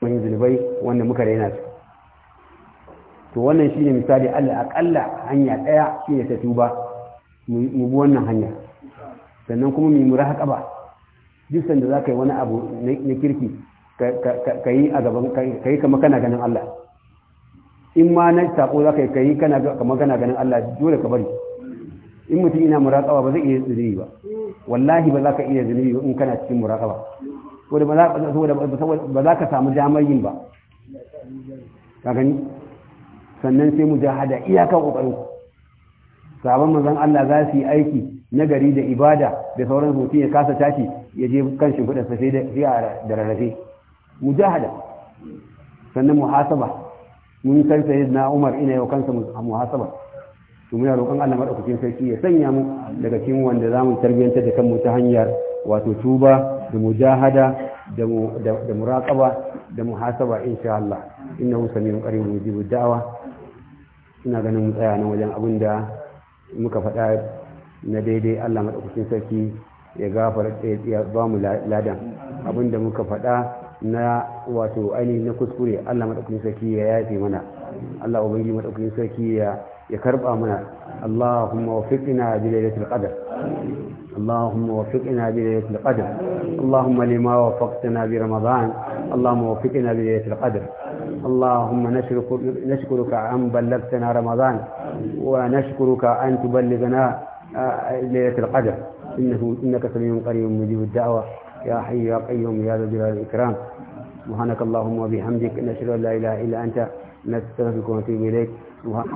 mai zunubai wanda muka raina su to wannan shi ne misali allah aƙalla hanya ɗaya shi ne ta tuba mu bi wannan hanya sannan kuma mu mura haƙa ba duk sanda za ka yi wani abu na kirki ka yi a gaban ka yi kama kana ganin allah in ma na sako za ka yi kama kana ganin allah dole ka bari in mutum ina muraƙaba ba zai iya zunubi ba wallahi ba za ka iya zunubi in kana cikin muraƙaba saboda ba za ka samu damar yin ba ka gani sannan sai mujahada iyaka kokarin ku sabon manzon Allah za su yi aiki na gari da ibada da sauran su ya kasa tashi ya je kan shi fudar sai da da rarrafe mujahada sannan muhasaba mun san sai na Umar ina yau kansa muhasaba to muna roƙon Allah madaukakin sarki ya sanya mu daga cikin wanda zamu tarbiyantar da kanmu ta hanyar wato tuba da mujahada da muraƙaba da muhasaba insha Allah innahu yin ƙarin mujibu da'wa ina ganin mu tsaya nan wajen abin da muka faɗa na daidai Allah maɗaukacin sarki ya gafar ya ba mu ladan abin da muka faɗa na wato ainihin na kuskure Allah maɗaukacin sarki ya yafe mana Allah ubangiji maɗaukacin sarki ya ya karba mana Allahumma waffiqna bi lailatul qadr اللهم وفقنا بليلة القدر اللهم لما وفقتنا برمضان اللهم وفقنا بليلة القدر اللهم نشكرك أن بلغتنا رمضان ونشكرك أن تبلغنا آه، ليلة القدر إنه إنك سميع قريب مجيب الدعوة يا حي يا قيوم يا ذا الجلال والإكرام سبحانك اللهم وبحمدك نشهد أن لا إله إلا أنت نستغفرك ونتوب إليك